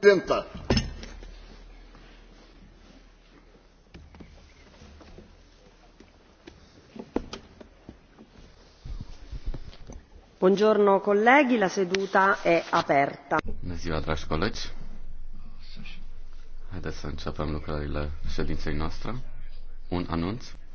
președintă Buongiorno colleghi, la seduta è aperta. Bună ziua, dragi colegi. Haideți să începem lucrările ședinței noastre. Un anunț.